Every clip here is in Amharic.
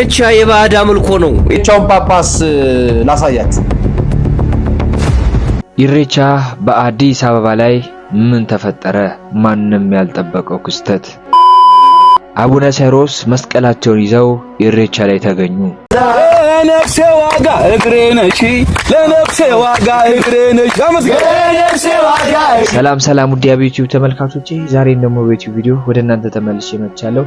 ኢሬቻ የባዕድ አምልኮ ነው። ኢሬቻውን ጳጳስ ላሳያችሁ። ኢሬቻ በአዲስ አበባ ላይ ምን ተፈጠረ? ማንም ያልጠበቀው ክስተት። አቡነ ሳይሮስ መስቀላቸውን ይዘው ኢሬቻ ላይ ተገኙ። ለነፍሴ ዋጋ እግሬ ነሽ፣ ለነፍሴ ዋጋ እግሬ ነሽ። ሰላም ሰላም፣ ውድ የዩቲዩብ ተመልካቾቼ፣ ዛሬ ደግሞ በዩቲዩብ ቪዲዮ ወደ እናንተ ተመልሼ መጥቻለሁ።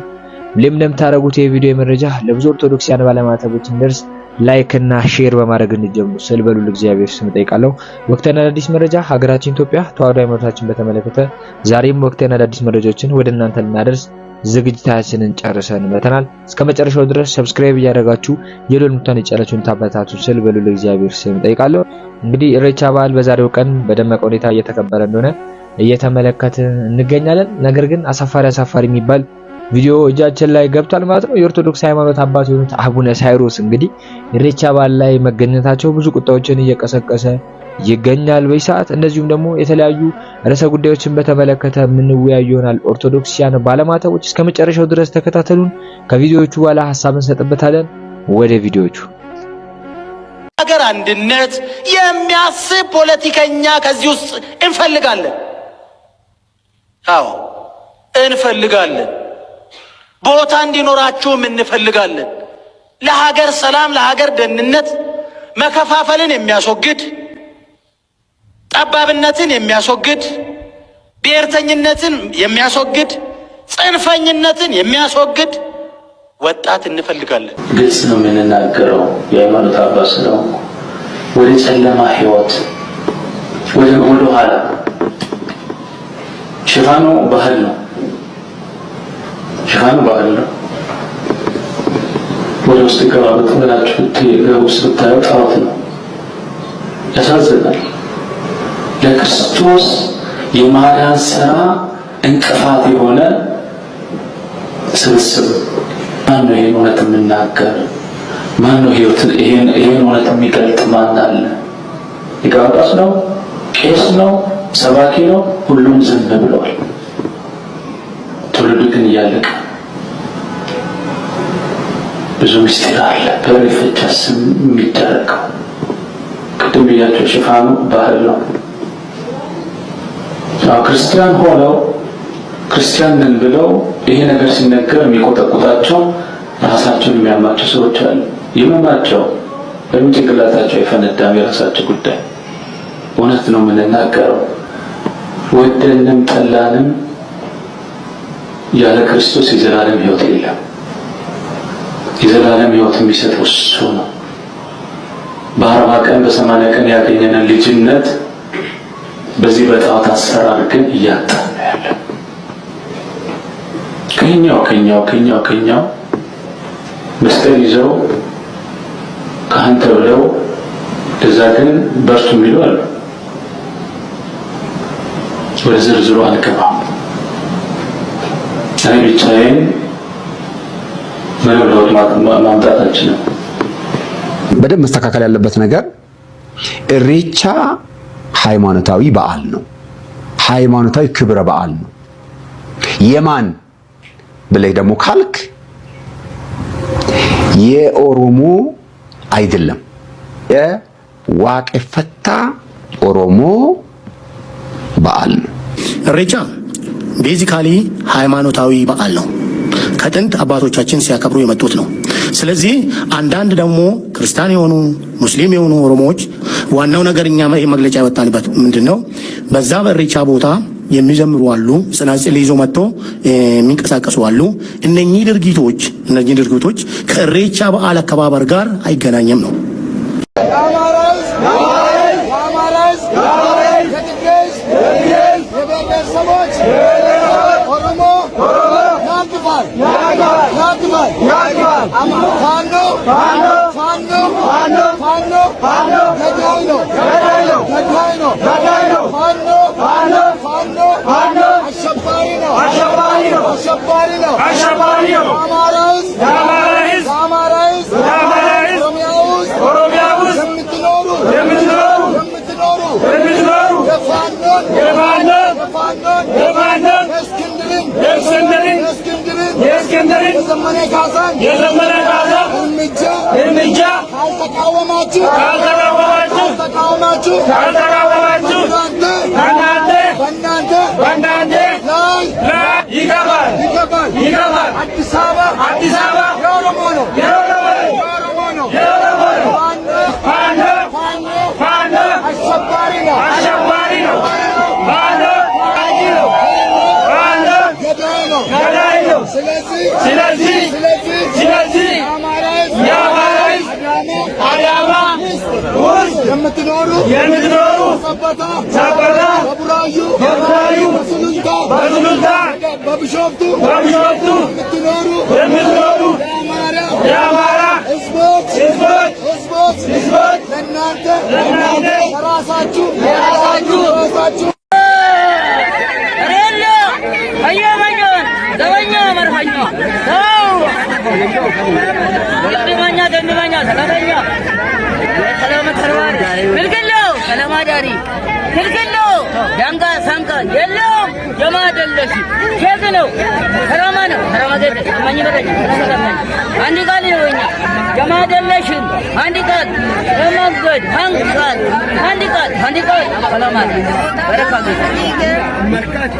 ሁሌም እንደምታደርጉት የቪዲዮ መረጃ ለብዙ ኦርቶዶክሲያን ባለማተቦች እንደርስ ላይክ እና ሼር በማድረግ እንጀምሩ ስል በሉል እግዚአብሔር ስም ጠይቃለሁ። ወቅታዊና አዳዲስ መረጃ ሀገራችን ኢትዮጵያ ተዋሕዶ ሃይማኖታችን በተመለከተ ዛሬም ወቅታዊና አዳዲስ መረጃዎችን ወደ እናንተ ልናደርስ ዝግጅታችንን ጨርሰን መተናል። እስከ መጨረሻው ድረስ ሰብስክራይብ እያደረጋችሁ የሎል ሙታን የጫላችሁን ታበታቱ ስል በሉል እግዚአብሔር ስም ጠይቃለሁ። እንግዲህ ኢሬቻ በዓል በዛሬው ቀን በደመቀ ሁኔታ እየተከበረ እንደሆነ እየተመለከት እንገኛለን። ነገር ግን አሳፋሪ አሳፋሪ የሚባል ቪዲዮ እጃችን ላይ ገብቷል ማለት ነው። የኦርቶዶክስ ሃይማኖት አባት የሆኑት አቡነ ሳይሮስ እንግዲህ ኢሬቻ በዓል ላይ መገኘታቸው ብዙ ቁጣዎችን እየቀሰቀሰ ይገኛል በዚህ ሰዓት። እንደዚሁም ደግሞ የተለያዩ ርዕሰ ጉዳዮችን በተመለከተ የምንወያይ ይሆናል። ኦርቶዶክሲያን ባለማተቦች እስከ መጨረሻው ድረስ ተከታተሉን። ከቪዲዮዎቹ በኋላ ሀሳብ እንሰጥበታለን። ወደ ቪዲዮዎቹ ሀገር አንድነት የሚያስብ ፖለቲከኛ ከዚህ ውስጥ እንፈልጋለን። አዎ እንፈልጋለን። ቦታ እንዲኖራቸውም እንፈልጋለን። ለሀገር ሰላም፣ ለሀገር ደህንነት መከፋፈልን የሚያስወግድ ጠባብነትን የሚያስወግድ ብሔርተኝነትን የሚያስወግድ ጽንፈኝነትን የሚያስወግድ ወጣት እንፈልጋለን። ግልጽ ነው የምንናገረው። የሃይማኖት አባስ ነው ወደ ጨለማ ህይወት ወደ ኋላ ሽፋኑ ባህል ነው። ሻን ባህል ነው። ወደ ውስጥ ገባ ብላችሁ ብትገቡ ስታዩ ጣዖት ነው። ያሳዝናል። ለክርስቶስ የማዳን ስራ እንቅፋት የሆነ ስብስብ። ማን ነው ይህን እውነት የምናገር? ማን ነው ይህን እውነት የሚገልጥ? ማን አለ? ሊቀ ጳጳስ ነው? ቄስ ነው? ሰባኪ ነው? ሁሉም ዝም ብለዋል። ትውልዱ ግን እያለቀ ብዙ ምስጢር አለ። በብሬል ስም የሚደረገው ቅድም ብያቸው ሽፋኑ ባህል ነው። ክርስቲያን ሆነው ክርስቲያን ነን ብለው ይሄ ነገር ሲነገር የሚቆጠቁጣቸው ራሳቸውን የሚያማቸው ሰዎች አሉ። ይመማቸው በምን ጭንቅላታቸው የራሳቸው ጉዳይ እውነት ነው የምንናገረው ወደንም ጠላንም ያለ ክርስቶስ የዘላለም ህይወት የለም። የዘላለም ህይወት የሚሰጠው እሱ ነው። በአርባ ቀን በሰማንያ ቀን ያገኘንን ልጅነት በዚህ በጣዖት አሰራር ግን እያጣ ነው ያለ ከኛው ከኛው ከኛው ከኛው መስቀል ይዘው ካህን ተብለው እዛ ግን በእርሱ የሚሉ አሉ። ወደ ዝርዝሩ አልገባም። እኔ ብቻዬን ምንም ለውጥ ማምጣት አልችልም። በደንብ መስተካከል ያለበት ነገር እሬቻ ሃይማኖታዊ በዓል ነው። ሃይማኖታዊ ክብረ በዓል ነው። የማን ብለህ ደግሞ ካልክ የኦሮሞ አይደለም። የዋቄ ፈታ ኦሮሞ በዓል ነው እሬቻ ቤዚካሊ ሃይማኖታዊ በዓል ነው። ከጥንት አባቶቻችን ሲያከብሩ የመጡት ነው። ስለዚህ አንዳንድ ደግሞ ክርስቲያን የሆኑ ሙስሊም የሆኑ ኦሮሞዎች ዋናው ነገር እኛ መግለጫ ያወጣንበት ምንድን ነው፣ በዛ በኢሬቻ ቦታ የሚዘምሩ አሉ፣ ጽናጽል ይዞ መጥቶ የሚንቀሳቀሱ አሉ። እነኚህ ድርጊቶች እነኚህ ድርጊቶች ከኢሬቻ በዓል አከባበር ጋር አይገናኝም ነው Yeah! ফান্ডো ফান্ডো ফান্ডো ফান্ডো ফান্ডো ফান্ডো গজাইনো গজাইনো গজাইনো গজাইনো ফান্ডো ফান্ডো ফান্ডো ফান্ডো আশাপারিনো আশাপারিনো আশাপারিনো আশাপারিনো আমারাস আমারাস የዘመነ ጋዘን እርምጃ ካልተቃወማችሁ በእናንተ ላይ ይገባል። አዲስ አበባ የኦሮሞ ነው። የምትኖሩ የምትኖሩ ሰበታ ሰበታ በቡራዩ በቡራዩ በሱሉልታ በሱሉልታ በቢሾፍቱ የምትኖሩ የምትኖሩ የአማራ ህዝቦች ህዝቦች ህዝቦች ለእናንተ ለእናንተ ለራሳችሁ አዳሪ ክልክል ነው። ዳንጋ ሳንጋ የለውም። ጀማ ደለሽ ነው ከረማ ነው ከረማ ደለሽ ማኝ በረኝ አንድ ቃል ይወኛ ጀማ ደለሽ አንድ ቃል ለመንገድ አንድ ቃል አንድ ቃል አንድ ቃል ሰላማ በረካ መርካት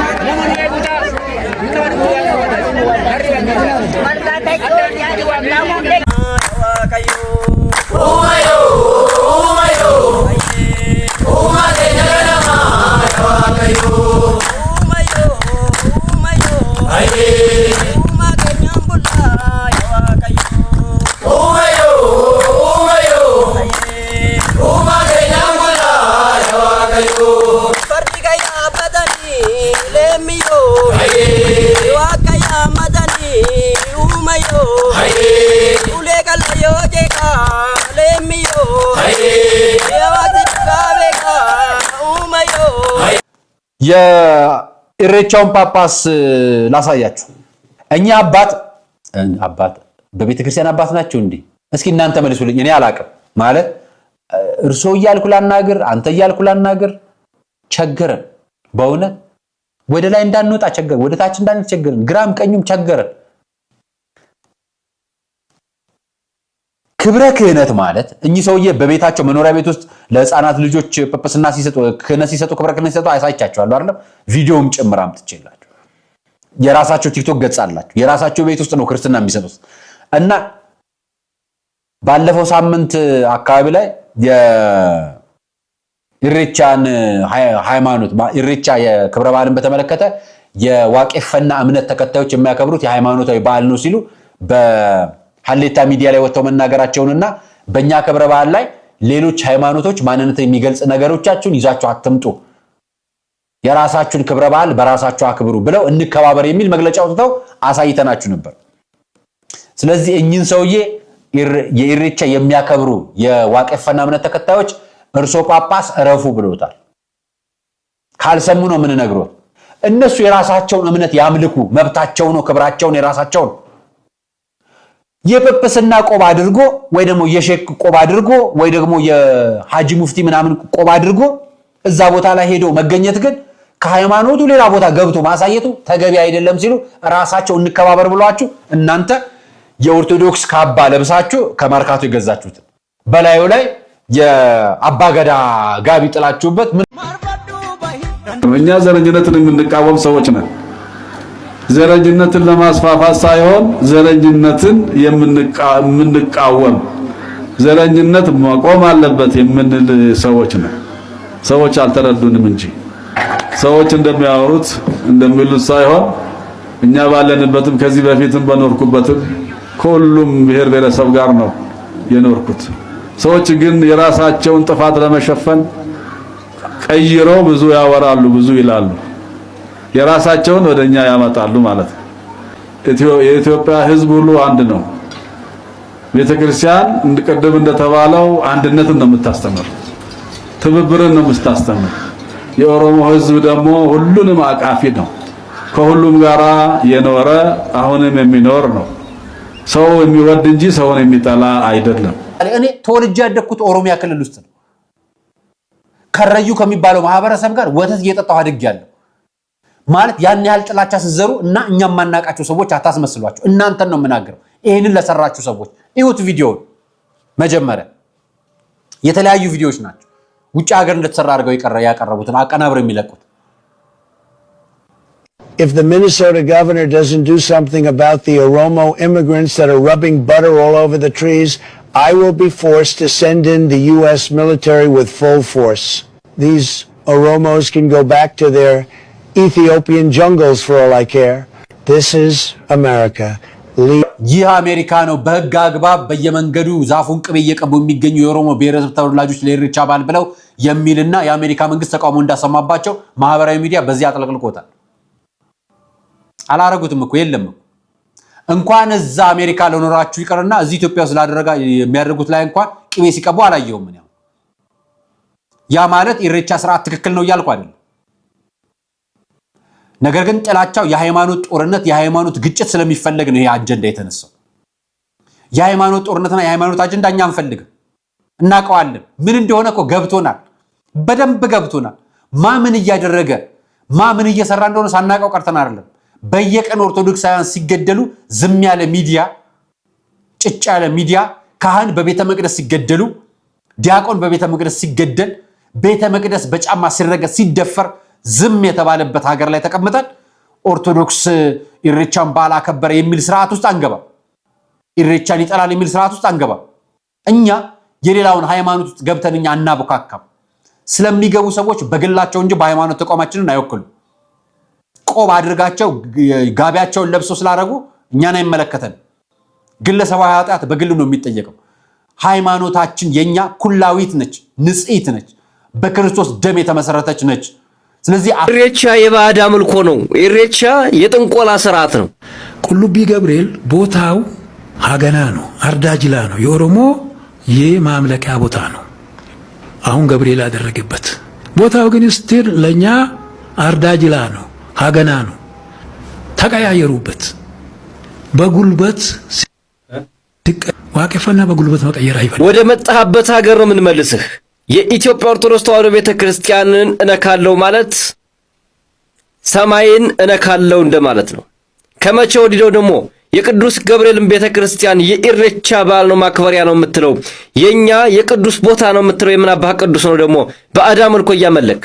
የኢሬቻውን ጳጳስ ላሳያችሁ። እኛ አባት አባት በቤተ ክርስቲያን አባት ናቸው እንዴ? እስኪ እናንተ መልሱልኝ። እኔ አላቅም ማለት እርሶ እያልኩ ላናገር፣ አንተ እያልኩ ላናገር ቸገረን፣ በእውነት ወደ ላይ እንዳንወጣ ቸገረን፣ ወደ ታች እንዳንወጣ ቸገረን፣ ግራም ቀኙም ቸገረን። ክብረ ክህነት ማለት እኚህ ሰውዬ በቤታቸው መኖሪያ ቤት ውስጥ ለህፃናት ልጆች ጵጵስና ሲሰጡ ክህነት ሲሰጡ ክብረ ክህነት ሲሰጡ አይሳይቻቸዋለሁ አይደለም። ቪዲዮም ጭምር አምጥቼላቸው የራሳቸው ቲክቶክ ገጽ አላቸው። የራሳቸው ቤት ውስጥ ነው ክርስትና የሚሰጡት እና ባለፈው ሳምንት አካባቢ ላይ የኢሬቻን ሃይማኖት ኢሬቻ የክብረ በዓልን በተመለከተ የዋቄፈና እምነት ተከታዮች የሚያከብሩት የሃይማኖታዊ በዓል ነው ሲሉ ሀሌታ ሚዲያ ላይ ወጥተው መናገራቸውንና በእኛ ክብረ በዓል ላይ ሌሎች ሃይማኖቶች ማንነት የሚገልጽ ነገሮቻችሁን ይዛችሁ አትምጡ፣ የራሳችሁን ክብረ በዓል በራሳችሁ አክብሩ ብለው እንከባበር የሚል መግለጫ አውጥተው አሳይተናችሁ ነበር። ስለዚህ እኚህን ሰውዬ የኢሬቻ የሚያከብሩ የዋቄፈና እምነት ተከታዮች እርሶ ጳጳስ እረፉ ብሎታል። ካልሰሙ ነው ነግሮት። እነሱ የራሳቸውን እምነት ያምልኩ፣ መብታቸው ነው፣ ክብራቸውን የራሳቸውን የጵጵስና ቆብ አድርጎ ወይ ደግሞ የሼክ ቆብ አድርጎ ወይ ደግሞ የሐጂ ሙፍቲ ምናምን ቆብ አድርጎ እዛ ቦታ ላይ ሄዶ መገኘት ግን ከሃይማኖቱ ሌላ ቦታ ገብቶ ማሳየቱ ተገቢ አይደለም ሲሉ ራሳቸው እንከባበር ብሏችሁ እናንተ የኦርቶዶክስ ካባ ለብሳችሁ ከማርካቱ የገዛችሁትን በላዩ ላይ የአባገዳ ጋቢ ጥላችሁበት እኛ ዘረኝነትን የምንቃወም ሰዎች ነን። ዘረኝነትን ለማስፋፋት ሳይሆን ዘረኝነትን የምንቃወም ዘረኝነት መቆም አለበት የምንል ሰዎች ነው። ሰዎች አልተረዱንም እንጂ ሰዎች እንደሚያወሩት እንደሚሉት ሳይሆን እኛ ባለንበትም ከዚህ በፊትም በኖርኩበትም ከሁሉም ብሔር ብሔረሰብ ጋር ነው የኖርኩት። ሰዎች ግን የራሳቸውን ጥፋት ለመሸፈን ቀይረው ብዙ ያወራሉ፣ ብዙ ይላሉ። የራሳቸውን ወደኛ ያመጣሉ ማለት ነው። የኢትዮጵያ ህዝብ ሁሉ አንድ ነው። ቤተክርስቲያን እንድቀደም እንደተባለው አንድነትን ነው የምታስተምር፣ ትብብርን ነው የምታስተምር። የኦሮሞ ህዝብ ደግሞ ሁሉንም አቃፊ ነው። ከሁሉም ጋራ የኖረ አሁንም የሚኖር ነው። ሰው የሚወድ እንጂ ሰውን የሚጠላ አይደለም። እኔ ተወልጄ ያደግኩት ኦሮሚያ ክልል ውስጥ ነው። ከረዩ ከሚባለው ማህበረሰብ ጋር ወተት እየጠጣሁ አድጌያለሁ። ማለት ያን ያህል ጥላቻ ስዘሩ እና እኛ ማናቃቸው ሰዎች አታስመስሏቸው። እናንተን ነው የምናገረው። ይህንን ለሰራችሁ ሰዎች እዩት ቪዲዮውን። መጀመሪያ የተለያዩ ቪዲዮዎች ናቸው ውጭ ሀገር እንደተሰራ አድርገው ያቀረቡትን አቀናብረው የሚለቁት If the Minnesota governor doesn't do something about the Oromo immigrants that are rubbing butter all over the trees, I will be forced to send in the U.S. military with full force. These Oromos can go back to their Ethiopian jungles for all I care. This is America. ይህ አሜሪካ ነው። በህግ አግባብ በየመንገዱ ዛፉን ቅቤ እየቀቡ የሚገኙ የኦሮሞ ብሔረሰብ ተወላጆች ለኢሬቻ በዓል ብለው የሚልና የአሜሪካ መንግስት ተቃውሞ እንዳሰማባቸው ማህበራዊ ሚዲያ በዚህ አጥለቅልቆታል። አላረጉትም እኮ የለም እንኳን እዛ አሜሪካ ለኖራችሁ ይቀርና እዚህ ኢትዮጵያ ውስጥ የሚያደርጉት ላይ እንኳን ቅቤ ሲቀቡ አላየሁም። ያ ማለት ኢሬቻ ስርዓት ትክክል ነው እያልኩ አይደለም። ነገር ግን ጥላቻው የሃይማኖት ጦርነት፣ የሃይማኖት ግጭት ስለሚፈለግ ነው ይሄ አጀንዳ የተነሳው። የሃይማኖት ጦርነትና የሃይማኖት አጀንዳ እኛ አንፈልግም። እናውቀዋለን። ምን እንደሆነ እኮ ገብቶናል፣ በደንብ ገብቶናል። ማምን እያደረገ ማምን እየሰራ እንደሆነ ሳናውቀው ቀርተን አይደለም። በየቀን ኦርቶዶክሳውያን ሲገደሉ ዝም ያለ ሚዲያ፣ ጭጭ ያለ ሚዲያ፣ ካህን በቤተ መቅደስ ሲገደሉ፣ ዲያቆን በቤተ መቅደስ ሲገደል፣ ቤተ መቅደስ በጫማ ሲረገጥ ሲደፈር ዝም የተባለበት ሀገር ላይ ተቀምጠን ኦርቶዶክስ ኢሬቻን ባላከበረ የሚል ስርዓት ውስጥ አንገባም። ኢሬቻን ይጠላል የሚል ስርዓት ውስጥ አንገባም። እኛ የሌላውን ሃይማኖት ውስጥ ገብተን እኛ አናቦካካም። ስለሚገቡ ሰዎች በግላቸው እንጂ በሃይማኖት ተቋማችንን አይወክሉ ቆብ አድርጋቸው ጋቢያቸውን ለብሶ ስላደረጉ እኛን አይመለከተን። ግለሰባዊ ኃጢአት በግል ነው የሚጠየቀው። ሃይማኖታችን የኛ ኩላዊት ነች፣ ንጽሕት ነች፣ በክርስቶስ ደም የተመሰረተች ነች። ስለዚህ ኢሬቻ የባዕድ አምልኮ ነው። ኢሬቻ የጥንቆላ ስርዓት ነው። ቁልቢ ገብርኤል ቦታው ሀገና ነው፣ አርዳጅላ ነው፣ የኦሮሞ የማምለኪያ ቦታ ነው። አሁን ገብርኤል ያደረገበት ቦታው ግን ስቲል ለእኛ አርዳጅላ ነው፣ ሀገና ነው። ተቀያየሩበት በጉልበት ዋቄፈና በጉልበት መቀየር አይፈልም። ወደ መጣህበት ሀገር ነው የምንመልስህ። የኢትዮጵያ ኦርቶዶክስ ተዋሕዶ ቤተ ክርስቲያንን እነካለው ማለት ሰማይን እነካለው እንደማለት ነው። ከመቼ ወዲህ ደግሞ የቅዱስ ገብርኤልን ቤተ ክርስቲያን የኢሬቻ በዓል ነው ማክበሪያ ነው የምትለው፣ የእኛ የቅዱስ ቦታ ነው የምትለው። የምናባህ ቅዱስ ነው ደግሞ በአዳም ልኮ እያመለክ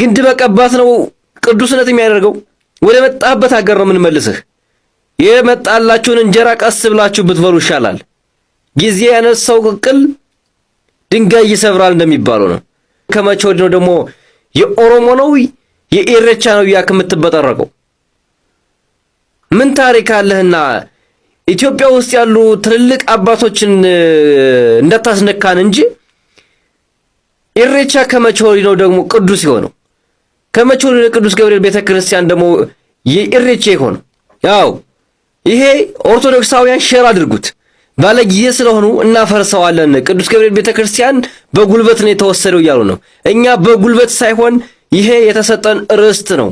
ግንድ መቀባት ነው ቅዱስነት የሚያደርገው። ወደ መጣህበት ሀገር ነው የምንመልስህ። የመጣላችሁን እንጀራ ቀስ ብላችሁ ብትበሉ ይሻላል። ጊዜ ያነሳው ቅቅል ድንጋይ ይሰብራል እንደሚባለው ነው። ከመቼ ወዲህ ነው ደግሞ የኦሮሞ ነው የኢሬቻ ነው እያልክ የምትበጠረቀው? ምን ታሪክ አለህና ኢትዮጵያ ውስጥ ያሉ ትልልቅ አባቶችን እንዳታስነካን እንጂ ኢሬቻ ከመቼ ወዲህ ነው ደግሞ ቅዱስ የሆነው? ከመቼ ወዲህ ነው ቅዱስ ገብርኤል ቤተክርስቲያን ደግሞ የኢሬቻ የሆነው? ያው ይሄ ኦርቶዶክሳውያን ሼር አድርጉት። ባለጊዜ ስለሆኑ እናፈርሰዋለን። ቅዱስ ገብርኤል ቤተክርስቲያን በጉልበት ነው የተወሰደው እያሉ ነው። እኛ በጉልበት ሳይሆን ይሄ የተሰጠን ርስት ነው።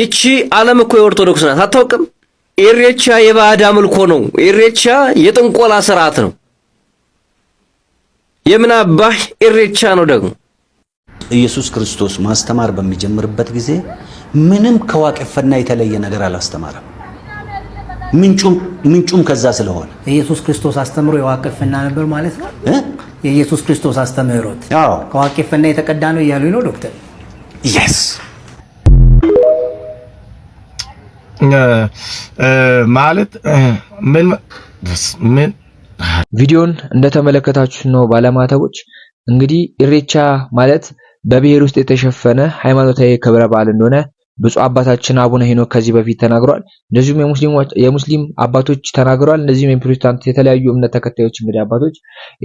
ይቺ ዓለም እኮ የኦርቶዶክስ ናት፣ አታውቅም። ኤሬቻ የባዕድ አምልኮ ነው። ኤሬቻ የጥንቆላ ስርዓት ነው። የምን አባህ ኤሬቻ ነው ደግሞ ኢየሱስ ክርስቶስ ማስተማር በሚጀምርበት ጊዜ ምንም ከዋቄፈና የተለየ ነገር አላስተማረም። ምንጩም ከዛ ስለሆነ የኢየሱስ ክርስቶስ አስተምሮ የዋቅፍና ነበር ማለት ነው። የኢየሱስ ክርስቶስ አስተምህሮት ከዋቅፍና የተቀዳ ነው እያሉ ነው ዶክተር። የስ ማለት ምን ምን ቪዲዮን እንደተመለከታችሁ ነው ባለማተቦች። እንግዲህ ኢሬቻ ማለት በብሔር ውስጥ የተሸፈነ ሃይማኖታዊ ክብረ በዓል እንደሆነ ብፁዕ አባታችን አቡነ ሄኖክ ከዚህ በፊት ተናግሯል። እንደዚሁም የሙስሊም አባቶች ተናግሯል። እንደዚሁም የፕሮቴስታንት የተለያዩ እምነት ተከታዮች እንግዲህ አባቶች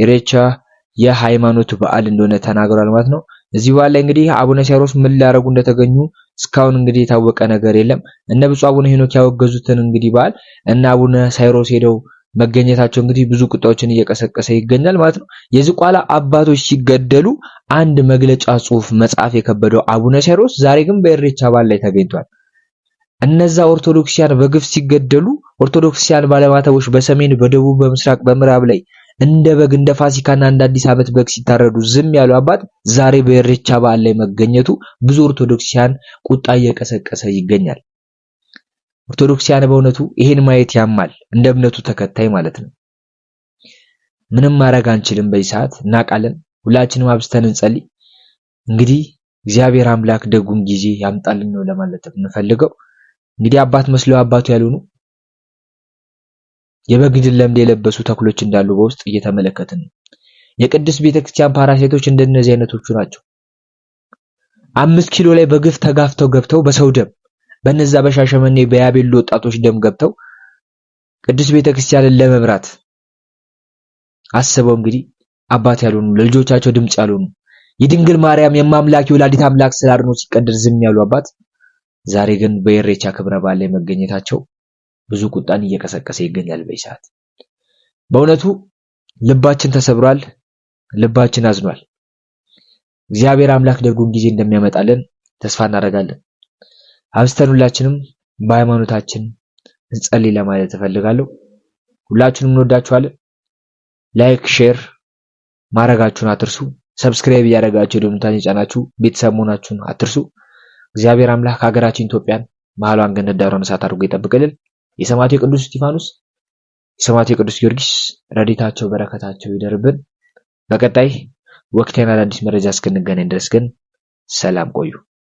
ኢሬቻ የሃይማኖት በዓል እንደሆነ ተናግሯል ማለት ነው። እዚህ በዓል ላይ እንግዲህ አቡነ ሳይሮስ ምን ሊያደርጉ እንደተገኙ እስካሁን እንግዲህ የታወቀ ነገር የለም። እነ ብፁዕ አቡነ ሄኖክ ያወገዙትን እንግዲህ በዓል እነ አቡነ ሳይሮስ ሄደው መገኘታቸው እንግዲህ ብዙ ቁጣዎችን እየቀሰቀሰ ይገኛል ማለት ነው። የዝቋላ አባቶች ሲገደሉ አንድ መግለጫ ጽሑፍ መጻፍ የከበደው አቡነ ሳይሮስ ዛሬ ግን በኢሬቻ በዓል ላይ ተገኝቷል። እነዛ ኦርቶዶክሲያን በግፍ ሲገደሉ ኦርቶዶክሲያን ባለማተቦች በሰሜን፣ በደቡብ፣ በምስራቅ፣ በምዕራብ ላይ እንደ በግ እንደ ፋሲካና እንደ አዲስ ዓመት በግ ሲታረዱ ዝም ያሉ አባት ዛሬ በኢሬቻ በዓል ላይ መገኘቱ ብዙ ኦርቶዶክሲያን ቁጣ እየቀሰቀሰ ይገኛል። ኦርቶዶክሲያን በእውነቱ ይሄን ማየት ያማል፣ እንደ እምነቱ ተከታይ ማለት ነው። ምንም ማድረግ አንችልም። በዚህ ሰዓት እናውቃለን። ሁላችንም አብስተን እንጸልይ። እንግዲህ እግዚአብሔር አምላክ ደጉን ጊዜ ያምጣልን ነው ለማለት የምንፈልገው። እንግዲህ አባት መስለው አባቱ ያልሆኑ የበግድን ለምድ የለበሱ ተኩሎች እንዳሉ በውስጥ እየተመለከትን ነው። የቅድስት ቤተክርስቲያን ፓራሴቶች እንደነዚህ አይነቶቹ ናቸው። አምስት ኪሎ ላይ በግፍ ተጋፍተው ገብተው በሰው ደም በነዛ በሻሸመኔ በያቤሎ ወጣቶች ደም ገብተው ቅዱስ ቤተክርስቲያንን ለመምራት አስበው እንግዲህ አባት ያልሆኑ ለልጆቻቸው ድምጽ ያልሆኑ የድንግል ማርያም የማምላክ ወላዲት አምላክ ስላድኖ ሲቀደር ዝም ያሉ አባት ዛሬ ግን በኢሬቻ ክብረ በዓል ላይ መገኘታቸው ብዙ ቁጣን እየቀሰቀሰ ይገኛል። በዚህ ሰዓት በእውነቱ ልባችን ተሰብሯል፣ ልባችን አዝኗል። እግዚአብሔር አምላክ ደጉን ጊዜ እንደሚያመጣለን ተስፋ እናደርጋለን። አብስተን ሁላችንም በሃይማኖታችን እንጸልይ ለማለት እፈልጋለሁ። ሁላችሁንም እንወዳችኋለን። ላይክ፣ ሼር ማድረጋችሁን አትርሱ። ሰብስክራይብ እያደረጋችሁ ደምታን የጫናችሁ ቤተሰብ መሆናችሁን አትርሱ። እግዚአብሔር አምላክ ሀገራችን ኢትዮጵያን መሀሏን ገነት ዳሯን እሳት አድርጎ ይጠብቅልን። የሰማዕቱ የቅዱስ እስጢፋኖስ የሰማዕቱ የቅዱስ ጊዮርጊስ ረድኤታቸው በረከታቸው ይደርብን። በቀጣይ ወቅታዊና አዳዲስ መረጃ እስክንገናኝ ድረስ ግን ሰላም ቆዩ።